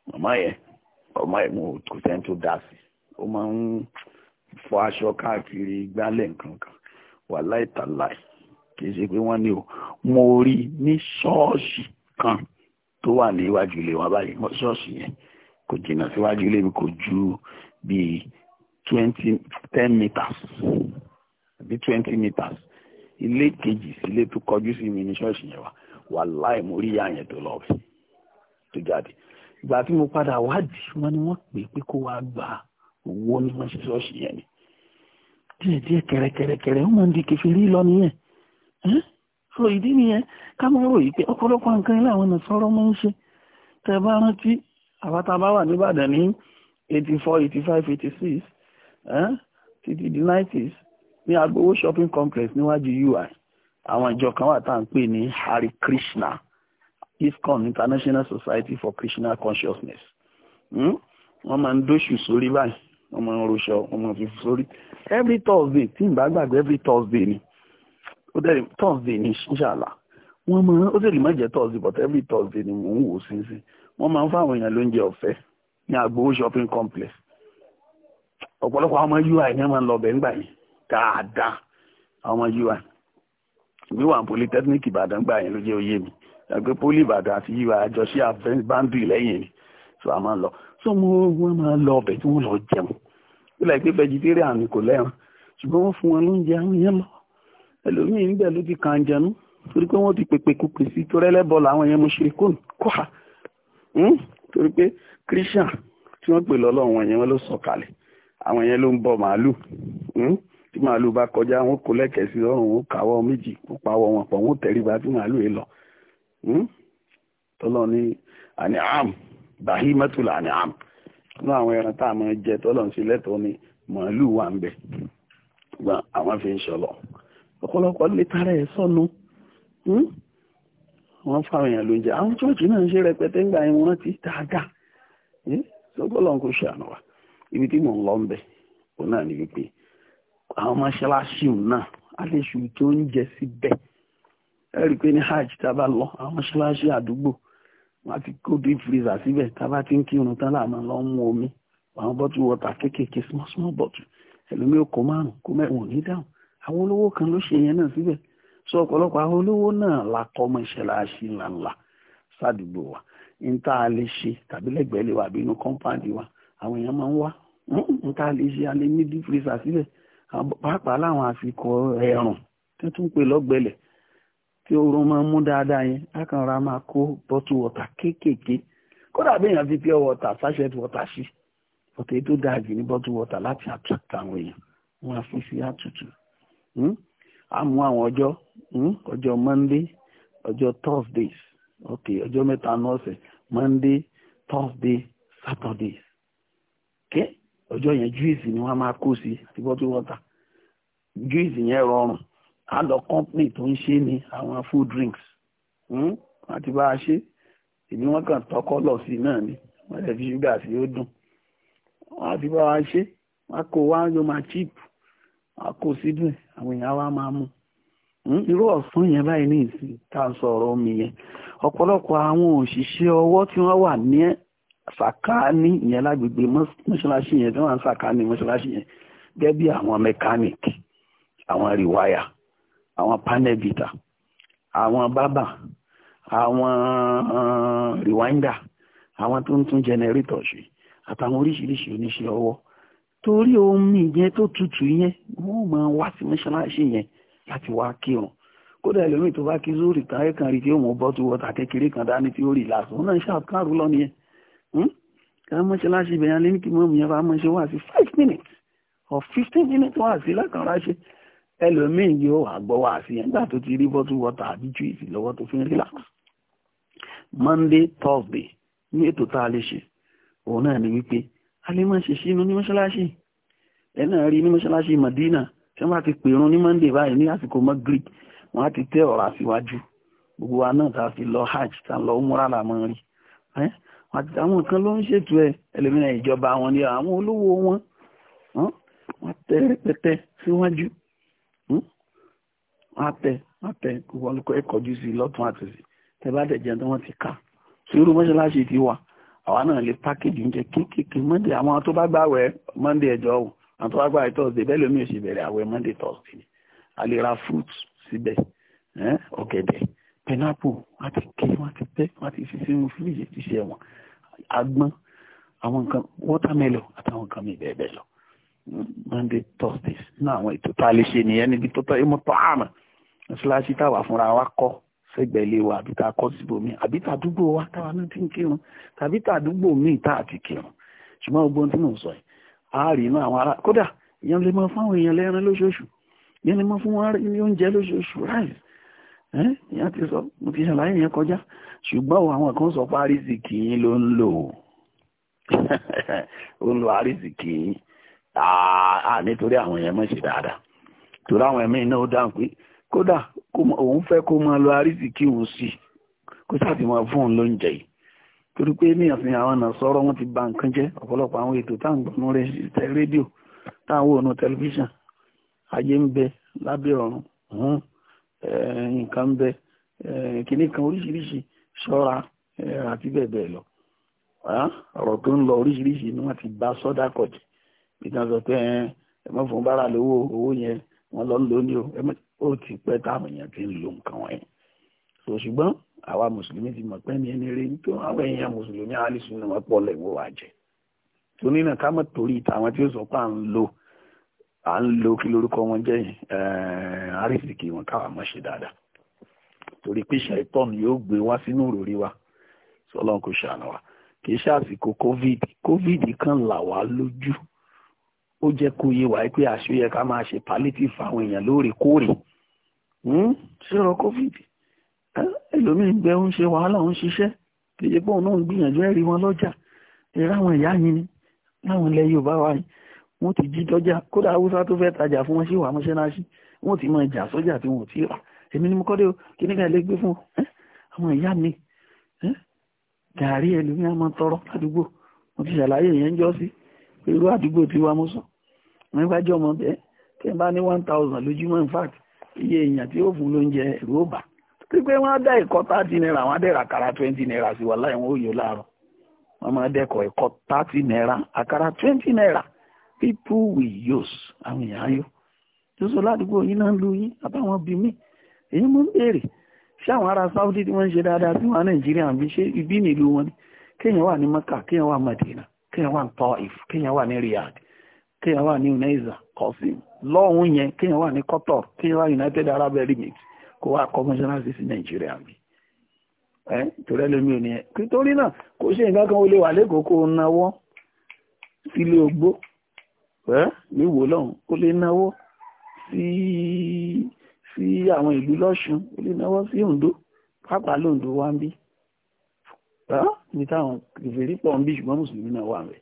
màmá yẹn ọmọ ẹ̀ kò sẹ́ni tó dá sí ó máa ń fọ aṣọ káàkiri gbálẹ̀ nǹkan kan wà láìtàláì kìí ṣe pé wọ́n ní o mo rí ní ṣọ́ọ̀ṣì kan tó wà ní iwájú ilé wa báyìí ṣọ́ọ̀ṣì yẹn kò jìnnà síwájú ilé mi kò ju bíi twenty ten meters bíi twenty meters ilé kejì sílé tó kọjú sí mi ní ṣọ́ọ̀ṣì yẹn wa wàláì mo rí ìyá yẹn tó lọ bẹ tó jáde ìgbà tí mo padà wádìí wọ́n ní wọ́n pè pé kó wá gba owó ní wọ́n ṣe ṣọ́ọ̀ṣì yẹn ni díẹ̀díẹ̀ kẹrẹkẹrẹkẹrẹ wọ́n máa ń di kẹfẹ rí lọ nìyẹn so ìdí nìyẹn ká máa rò yìí pé ọ̀pọ̀lọpọ̀ nǹkan ilé àwọn nàṣọ́rọ́ máa ń ṣe tẹ bá rántí àbátabá wà nìbàdàn ní eighty four eighty five eighty six títí di nineties ní agbowó shopping complex níwájú ui àwọn ìjọ kan wà tá à ń pè ní Hari Krishna ISKCON International Society for Krishna Consciousness hmm? wọ́n máa ń dóṣù sórí báyìí wọ́n máa ń roṣọ wọ́n máa ń fi sórí every Thursday tí n bá gbàgbé every Thursday ni ó dẹ̀ thursday ní ṣàlà wọ́n máa ó sì lè má jẹ́ thursday but every thursday ni mò ń wò sínsìn wọ́n máa ń fáwọn èèyàn lóúnjẹ ọ̀fẹ́ ní Àgbòho shopping complex ọ̀pọ̀lọpọ̀ àwọn ọmọ ui ní wọ́n lọ bẹ̀ ńgbà yẹn dáadáa àwọn ọmọ ui mi wà polytechnic Ìbàdàn gbà yẹn ló jẹ́ oyé mi ẹgbẹ́ poli Ìbàdàn àti ui àjọṣe advance bandry lẹ́yìn ni so a máa lọ so mo wọ́n máa lọ ọbẹ̀ tí wọ́n lọ jẹun ó lẹ́yìn pé vegetarian ni kò lẹ́ran ṣùgbọ́n wọ́n fún wọn lóúnjẹ àwọn yẹn lọ ẹlòmíì ń bẹ̀ ló ti kàn jẹnu torí pé wọ́n ti pèpè kúpè sí torí ẹlẹ́bọ̀ làwọn yẹn mushrikun kọ́ ha hmm? torí pé christian tí wọ́n pè lọ́lọ́ wọn yẹn wọ́n ló sọ̀kalẹ̀ àwọn yẹn ló ń bọ màálù hmm? tí màálù bá kọjá wọn kò lẹ́kẹ̀ẹ́ sí ọrùn wọn kàwọ́ méjì wọn pawọ́ wọn pọ̀ wọn tẹríba tí màálù yìí lọ hmm? tọ́lọ́ ní àní àm bahimatul àní àm àwọn ẹran tá a máa jẹ tọ́lọ́ ń ṣe lẹ́tọ̀ọ́ ni màálù wà ń bẹ̀ àwọn fi ń ṣọlọ ọ̀pọ̀lọpọ̀ lè tara ẹ̀ sọnù hmm? wọ́n fáwọn èèyàn ló ń jẹ àwọn chọ́ọ̀chì náà ń ṣe rẹpẹtẹ ńgbà yẹn wọ́n ti dáadáa hmm? lọ́gọ́lọ́n kò ṣàánú wa ibi tí mò ń lọ ń bẹ̀ òun náà ni wípé àwọn mọ́ṣáláṣí náà aléṣù tó ń jẹ síbẹ̀ ẹ rí i pé ní hajj tá a bá lọ àwọn mọ́ṣáláṣí àdúgbò wọ́n ti kó deep freezer síbẹ̀ tá a bá ti ń kírun tán láàmú lọ mú omi àwọn bọ́tù wọ́tà kéékèèké small small bottle ẹlòmíì kó márùn kó mẹ́wọ̀n ní dáhùn àwọn olówó kan ló ṣe yẹn náà síbẹ̀ sọ ọ̀pọ̀lọpọ̀ àwọn olówó náà la kọ́ ọmọ ìṣẹ̀lẹ̀ àṣì ńláńlá sádùúgbò wa n tá a lè ṣe tàbí lẹ́gbẹ̀ẹ́ lè wà bí inú kọ́ńpáàdì wa àwọn èèyàn máa ń wá hmm, n tá a lè ṣe a lè ní dífúrísà síbẹ̀ pàápàá láwọn àsìkò ẹ̀rùn tó tún pè lọ́gbẹ̀lẹ̀ tí oorun máa ń mú dáadáa yẹn a máa kó bọ́tù wọ̀tà kéékèèké kódà bí èèyàn fi pure water sachet water sí ọ̀tẹ̀ tó dáa jù ní bọ́tù wọ̀tà láti àtúntà àwọn èèyàn wọn á fi sí àtútù Hmm? a mú àwọn ọjọ́ hmm? ọjọ́ monday ọjọ́ thursdays ok ọjọ́ mẹ́ta ní ọ̀sẹ̀ monday thursday saturdays ok ọjọ́ yẹn juice ni wọ́n máa kó sí àti bottle water juice yẹn rọrùn a lọ company tó ń ṣe ni àwọn food drinks àti hmm? bá a ṣe èmi wọ́n kàn tọkọ lọ sí náà ni wọ́n lè fi ṣúgà sí ó dùn wọ́n àti bá a ṣe wọ́n kó wá yóò máa cheap wọ́n kó sídùn àwọn èèyàn wa máa mú hmm? irú ọ̀sán yẹn báyìí ní ìsìn tá a sọ̀rọ̀ omi yẹn ọ̀pọ̀lọpọ̀ àwọn òṣìṣẹ́ ọwọ́ tí wọ́n wà ní sàkáání ìyẹn lágbègbè mọ́ṣáláṣí yẹn tí wọ́n wà ní sàkáání mọ́ṣáláṣí yẹn gẹ́gẹ́ bí àwọn mẹkáníìkì àwọn rìwáyà àwọn panẹ́bìtà àwọn bábà àwọn eh, rìwáńdà àwọn tó ń tún jẹnẹrétọ̀ ṣe àtàwọn oríṣiríṣi oníṣẹ́ ọwọ́ torí omi yẹn tó tutù yẹn wọ́n máa wá sí mọ́ṣáláṣí yẹn láti wá kírun kódà ẹlòmíì tó bá kí zórí kan ẹ̀ kan rí tí ó mọ̀ bọ́tù wọ́tà kékeré kan dání tí ó rí lásán náà ṣàkárù lọ nìyẹn hmm? ká mọ́ṣáláṣí bẹ̀yàn lé ní kí mọ́mù yẹn bá mọ́ṣẹ́ wá sí five minutes or fifteen minutes wá sí lákànláṣẹ́ ẹlòmíì yóò wá gbọ́ wá sí yẹn nígbà tó ti rí bọ́tù wọ́tà àbí júìsì lọ́wọ́ tó fi ń relax Monday Thursday ní ètò tá a lè alẹ́mọ̀ ṣèṣì inú ní mọ́ṣáláṣì ẹ̀ náà rí ní mọ́ṣáláṣì Madina tí wọ́n bá ti pèrún ní Monday báyìí ní àsìkò mọ́ Greek wọ́n á ti tẹ́ ọ̀rọ̀ àfiwájú gbogbo wa náà tá a fi lọ hajj tá a lọ múra làmọ́ rí wọ́n ti àwọn kan ló ń ṣètò ẹ̀ ẹlòmíràn ìjọba wọn ni àwọn olówó wọn wọ́n tẹ rẹpẹtẹ síwájú hm? wọ́n tẹ wọ́n tẹ gbogbo ọlọ́kọ̀ ẹ̀kọ́jú sí lọ́tún àtẹ̀sí tẹ bá dẹ̀ jẹun tí wọ́n ti ká sùúrù mọ́ṣáláṣì ti wà àwa náà lè pákéjì oúnjẹ kéékèèké monday àwọn tó bá gbàwẹ̀ monday ẹjọ́ o àwọn tó bá gbàwẹ̀ thursday bẹ́ẹ̀ lómi ò sì bẹ̀rẹ̀ àwẹ̀ monday thursday ni a lè ra fruit síbẹ̀ ọ̀gẹ̀dẹ̀ pineapple wọ́n ti ké wọ́n ti pẹ́ wọ́n ti fi sínú fíríjì ti ṣe ẹ̀wọ̀n agbọ́n àwọn nǹkan watermelon àtàwọn nǹkan mi bẹ́ẹ̀ bẹ́ẹ̀ lọ monday thursdays náà àwọn ètò tá a lè ṣe nìyẹn níbi tó tọ́ ìmọ̀tọ́ àmọ̀ mọ́ṣáláṣí táwa fúnra wa kọ́ sẹ́gbẹ̀ẹ́ wa àbí tá a kọ́ síbò míì àbí tàdúgbò wa táwa náà ti ń kírun tàbí tàdúgbò míì tá a ti kírun ṣùgbọ́n gbogbo ohun tí mò ń sọ yìí a rí inú àwọn ará kódà èèyàn lè mọ fáwọn èèyàn lẹ́ran lóṣooṣù èèyàn lè mọ fún wọn ní oúnjẹ lóṣooṣù ráìs èèyàn ti sọ mo ti ṣàlàyé yẹn kọjá ṣùgbọ́n àwọn kan sọ pé àrísìkì yín ló ń lò ó ń lo àrísìkì yín nítorí àwọn yẹn mọ̀ ṣe dáadáa kódà òun fẹ́ kó máa lọ àrísìkí òun sí kó sáàtì máa fún òun lóúnjẹ yìí torí pé ní àfihàn àwọn ọ̀nà sọ̀rọ̀ wọn ti ba nǹkan jẹ́ ọ̀pọ̀lọpọ̀ àwọn ètò táwọn gbọ́nú rẹ̀ tẹ rédíò táwọn òun tẹlifíṣàn ayé ń bẹ lábẹ́ ọ̀run eh, nǹkan ń bẹ eh, kìíní kan oríṣiríṣi ṣọ́ra eh, àti bẹ́ẹ̀ bẹ́ẹ̀ lọ ọ̀rọ̀ tó ń lọ oríṣiríṣi ni wọ́n ti bá sọ́dà kọ̀jì bí sọ pé ẹ mọ̀ fún bára lówó owó yẹn wọ́n lọ ń lóní o ó ti pẹ́ táwọn èèyàn ti ń lo nǹkan wọ̀nyí so ṣùgbọ́n àwa mùsùlùmí ti mọ̀ pé ní ẹni rẹ tó àwọn èèyàn mùsùlùmí alísùn náà pọ̀ lẹ́wọ́ wa jẹ torí náà ká mọ̀ torí tàwọn tí ó sọ pé à ń lo à ń lo kí lórúkọ wọn jẹ́ eh, àrísìkì wọn káwa mọ̀ ṣe dáadáa torí pé ṣàìtọ́n yóò gbé wá sínú òròrí wa sọlọ́n kò ṣàánú wa kì í ṣàsìkò covid covid kan là wá lójú ó jẹ́ kó yé wa pé àṣeyẹ ká máa ṣe palliative fáwọn èèyàn lóòrèkóòrè Hmm? ṣírọ covid ẹlòmíì ń bẹ ń ṣe wàhálà ń ṣiṣẹ́ kéde pé òun náà ń gbìyànjú ẹ̀rí wọn lọ́jà ẹ̀rọ àwọn ìyá yìí ni láwọn ilẹ̀ Yorùbá wa yìí wọ́n ti jí tọ́jà kódà Haúsá tó fẹ́ tajà fún wọn sí wàá mọ́ṣáláṣí wọ́n ti mọ ìjà sọ́jà tí wọ́n ti rà èmi ni mo kọ́dé o kí nígbà ilé gbé fún àwọn ìyá mi gàárì ẹlòmíì àmọ́ tọrọ ládùúgbò mo ti ṣàlàyé yẹn jọ sí irú àdúgbò tí wàá mú sọ wọn bá jẹ́ ọmọ bẹ́ẹ̀ kẹ́ ń bá ní one thousand lójúmọ́ in fact iye èèyàn tí ó fún lóúnjẹ ẹ̀rù ó bà tí pé dá ẹ̀kọ́ naira wọ́n dẹ̀ twenty naira sí wàhálà ìwọ̀n òyò láàárọ̀ wọ́n máa dẹ́kọ̀ ẹ̀kọ́ naira àkàrà twenty naira people we use àwọn èèyàn ayọ́ jọ́sọ ládùúgbò yín náà lu yín àbáwọn bí mí èyí mú béèrè ṣé àwọn ará Saudi tí wọ́n ń ṣe dáadáa tí wọ́n nigeria Nàìjíríà bí ibi wọn ni kéèyàn wà ní kéèyàn wà kéèyàn wà ní kéèyàn wà ní kéèyàn wà ní unaiza kọfí lọ́hùn yẹn kéèyàn wà ní Qatar kéèyàn wà United Arab Emirates kó wà commissioner sí Nàìjíríà mi ẹ torí ẹlẹ́mi ò ní ẹ torí náà kò ṣe nǹkan kan ó lè wà lẹ́kọ̀ọ́ kó náwó sílé ogbó ẹ níwò lọ́hùn ó lè náwó sí sí àwọn ìlú lọ́ṣun ó lè náwó sí Ondo pàápàá lóńdó wá ń bí ẹ níta àwọn kìfèrí pọ̀ ń bí ṣùgbọ́n mùsùlùmí náà wà rẹ̀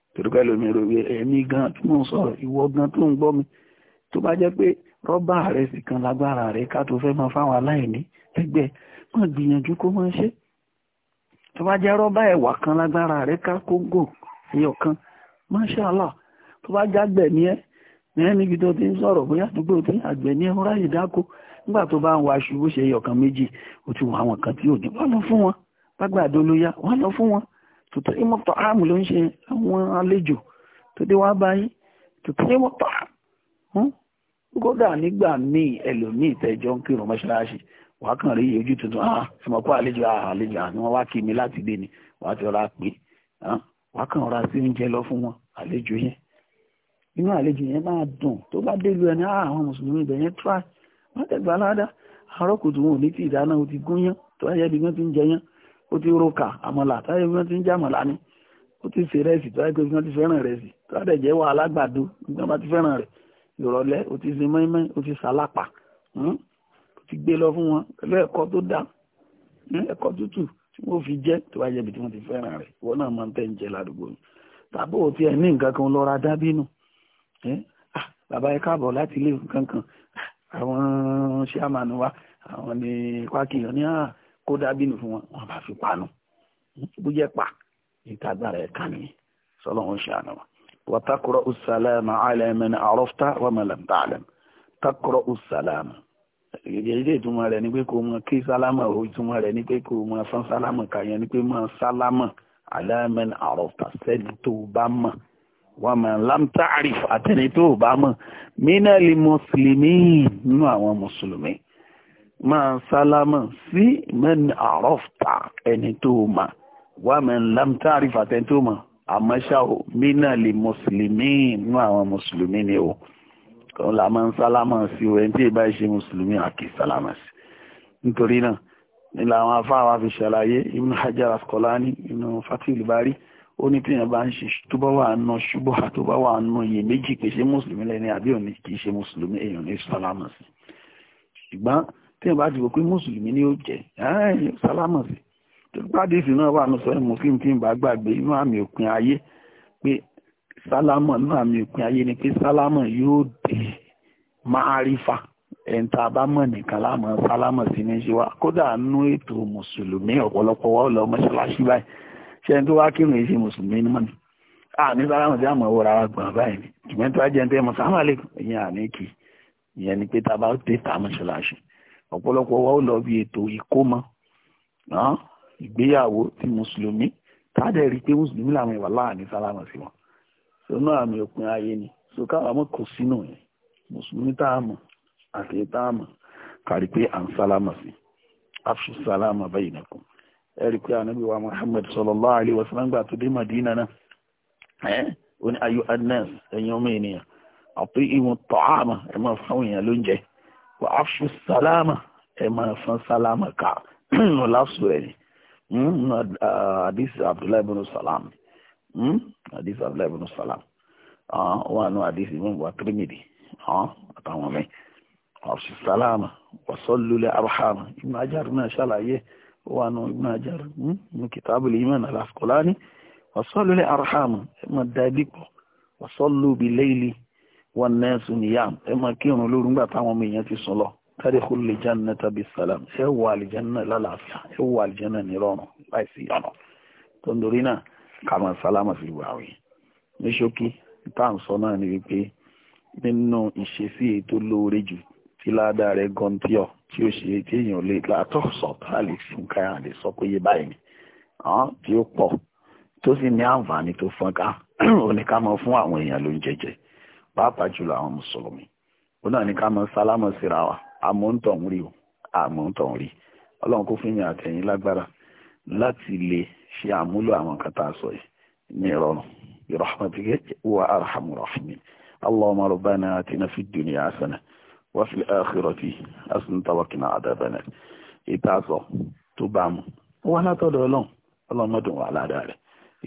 torípẹ́ lómi rò wí ẹ̀mí gan tí mò ń sọ̀rọ̀ ìwọ gan tó ń gbọ́ mi tó bá jẹ́ pé rọ́bà rẹ̀ sì kan lágbára rẹ̀ ká tó fẹ́ máa fáwọn aláìní ẹgbẹ́ wọn gbìyànjú kó máa ṣe tó bá jẹ́ rọ́bà ẹ̀wà kan lágbára rẹ̀ ká kóńgò ẹyọ kan máṣáláà tó bá jágbẹ̀ ní ẹ́ ní ẹ́ níbi tó ti ń sọ̀rọ̀ bóyá àdúgbò tí àgbẹ̀ ní ẹ̀hún ráyè dáko nígbà tó bá ń wa aṣubú ṣe ẹyọ kan méjì ó ti wọ àwọn kan tí ò ní wọ́n lọ fún wọn bá gbàdo tòtò ìmọ̀ tọ́ àmù ló ń ṣe àwọn àlejò tó dé wá báyìí tòtò ìmọ̀ tọ́ àmù kódà nígbà míì ẹlòmíì tẹjọ ń kírun mọ́ṣáláṣí wàá kàn rí ojú tuntun ah ẹ mọ̀ pé àlejò ah, àlejò àni wọ́n wá kí mi láti dé ni wàá ti ọ̀rá pé wàá kàn ọ̀rá sí oúnjẹ lọ fún wọn àlejò yẹn inú àlejò yẹn máa dùn tó bá délu ẹni ah àwọn mùsùlùmí ibẹ̀ yẹn tíra wọ́n tẹ̀gbà ládàá àárọ̀ kùtù wọn ò ní tí ìdáná ó ti gún yán tó ó ti roka àmàlà táyé bí wọ́n ti ń jẹ àmàlà ni ó ti ṣe rẹ́sì táyé pé bí wọ́n ti fẹ́ràn rẹ́sì tọ́lá jẹ́ wà alágbàdo bí wọ́n bá ti fẹ́ràn rẹ̀ ìrọ̀lẹ́ ó ti ṣe mọ́ínmọ́ín ó ti ṣàlápà hmm? ó ti gbé lọ fún wọn pẹ̀lú ẹ̀kọ́ tó dáa hmm? ẹ̀kọ́ tútù tí wọ́n fi jẹ́ tó bá jẹ́ ibi tí wọ́n ti fẹ́ràn rẹ̀ ìwọ náà máa ń tẹ́ ń jẹ ládùúgbò mi tàbí ò tiẹ̀ ní nǹkan kan lọ́ra dábínú hmm? ah, bàbá ẹ káàbọ̀ láti ilé kankan ah, àwọn ṣé àmàlù àwọn ní kwakìyàn ní àà ah, kó dábìnì fún wọn wọn bá fi panu bó jẹ́ pa ìtagbára ẹ̀ ká nìyẹn sọlọ́run ṣàánú wa. وتقرأ السلام على من عرفت ومن لم تعلم تقرأ السلام ìdíje ìtumọ̀ rẹ̀ ni pé kò mọ kí sálámà ò ìtumọ̀ rẹ̀ ni pé kò mọ san sálámà kàyẹn ni pé mọ sálámà aláàmẹ́n àròfà sẹ́ni tó bá mọ̀ wọ́n mọ̀ lámtàrí àtẹni bá mọ̀ mínà máa sálámọ̀ sí man àrọ́fta ẹni tó mà wà man lamta àrífàtẹ́ tó mà àmọ́ ṣá o mínà lè mùsùlùmí nínú àwọn mùsùlùmí ni o kan la máa ń sálámọ̀ sí o ẹni tí ìbá ṣe mùsùlùmí àkì sálámọ̀ sí nítorí náà ni làwọn afáwa fi ṣàlàyé Ibn Hajar Asqalani inú Fathul Bari ó ní tí èèyàn bá ń ṣe tó bá wà nù ṣubú tó bá wà nù iye méjì pé ṣé mùsùlùmí lẹ́ni àbí òní kì í ṣe mùsùlùmí èèyàn ní sálámọ̀ sí ṣùgbọ́n tí wọ́n bá ti wò pé mùsùlùmí ni ó jẹ́ ẹ̀ẹ́n sálámù sí tó pàdésì náà wà nùsọ̀ ẹ̀ mùsùlùmí tí ń bá gbàgbé inú àmì òpin ayé pé sálámù inú àmì òpin ayé ni pé sálámù yóò dé máàrífà ẹ̀ǹtà bá mọ̀ nìkan láàmú sálámù sí ní ṣe wá kódà nú ètò mùsùlùmí ọ̀pọ̀lọpọ̀ wọ́n lọ mọ́ṣáláṣí báyìí ṣẹ́ni tó wá kírun yìí ṣe mùsùlùmí ní mọ́ni àní sálámù sí àmọ́ ìwòrán wa gbọ̀n báyìí ni ṣùgbọ́n tó wá jẹ́ ń tẹ́ mọ́ sálámù àlékún ìyẹn àní ìyẹn ni pé tá a bá dé tà mọ́ṣáláṣí ọ̀pọ̀lọpọ̀ wa ó lọ bí ètò ìkómọ ah, ìgbéyàwó ti mùsùlùmí tádẹ̀ rí i pé mùsùlùmí làwọn ìwà láàánú sálámà sí wọn sọnà àmì òpin ayé ni so káwọn àmọ́ kò sínú yẹn mùsùlùmí tá a mọ̀ àti tá a mọ̀ kárí pé à ń sálámà sí afṣu sálámà bayinakum ẹ rí i pé ànábì wa Muhammad sallallahu alaihi wasallam gbà tó dé Madina náà ẹ ó ní ayu adnas ẹ̀yin ọmọ ènìyàn àti ìwọ̀n tọ́ àmà ẹ̀ máa fáwọn èèyàn lóúnjẹ wà á fún sálámà ẹ máa fún sálámà ká nù lásù rẹ ni hmm, hadith abdullahi bin salam hmm, hadith abdullahi bin salam wọn àná hadith ibn wa tirimidi àtàwọn mi àfún sálámà wà sọlúlẹ̀ arhama ibn ajar náà ṣàlàyé wọn àná ibn ajar hmm, ní kitabul iman al-asqalani wà sọlúlẹ̀ ẹ máa dá ibi pọ̀ wà sọlú bi layli wọn náà sùn níyà ẹ máa kírun lóru ńgbà táwọn ọmọ èèyàn ti sùn lọ tẹ́lẹ̀kù lè jẹ́nà tàbí sàlám ẹ wọ àlìjẹ́nà lálàáfíà ẹ wọ àlìjẹ́nà nírọ̀rùn láìsí ìyọ̀nà tó ń dorí náà kàmá sálámà sí ìwà àwìn ní ṣókí tá à ń sọ náà ni wípé nínú ìṣesí ètò lóore jù tí ládàá rẹ gọ́ntíọ̀ tí ó ṣe tí èèyàn lè látọ̀ sọ tá a lè fún ká a lè sọ pé yé báyìí ni tí ó pọ̀ tó sì ní àǹfààní tó fọ́n ká òní ká mọ fún àwọn èèyàn ló ń jẹjẹ pàápàá jùlọ àwọn mùsùlùmí ó náà ní ká mọ sálámọ síra wa àmọ́ǹtọ̀ ń rí o àmọ́ǹtọ̀ ń rí ọlọ́run kó fún yín àtẹ̀yìn lágbára láti lè ṣe àmúlò àwọn nǹkan tá a sọ yìí ní ìrọ̀rùn ìrọ̀hàmọ́tìkẹ́ wà arhamur rahimin allahumma rabbana atina fid dunya hasana wa fil akhirati hasanatan wa qina adhaban ìta sọ tó bá mu wọn látọ̀dọ̀ ọlọ́run ọlọ́run mọ́dún wà ládàá rẹ̀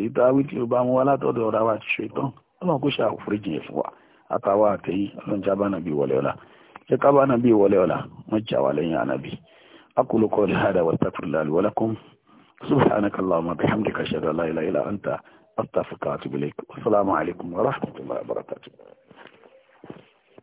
ìta wí tí ó bá mu wọn látọ̀dọ̀ ọ̀rọ̀ àwa ti ṣe tán ọlọ́run kó ṣàforíjì fún wa àtàwọn àtẹ̀yí ọlọ́njà bá nàbí wọlé ọ̀la jẹ́ ká bá nàbí wọlé ọ̀la wọ́n jà wà lẹ́yìn ànàbí aqulu qawli hadha wastaghfirullahi wa lakum subhanakallahumma bihamdika ashhadu an la ilaha illa anta astaghfiruka wa atubu ilaik assalamu alaikum wa rahmatullahi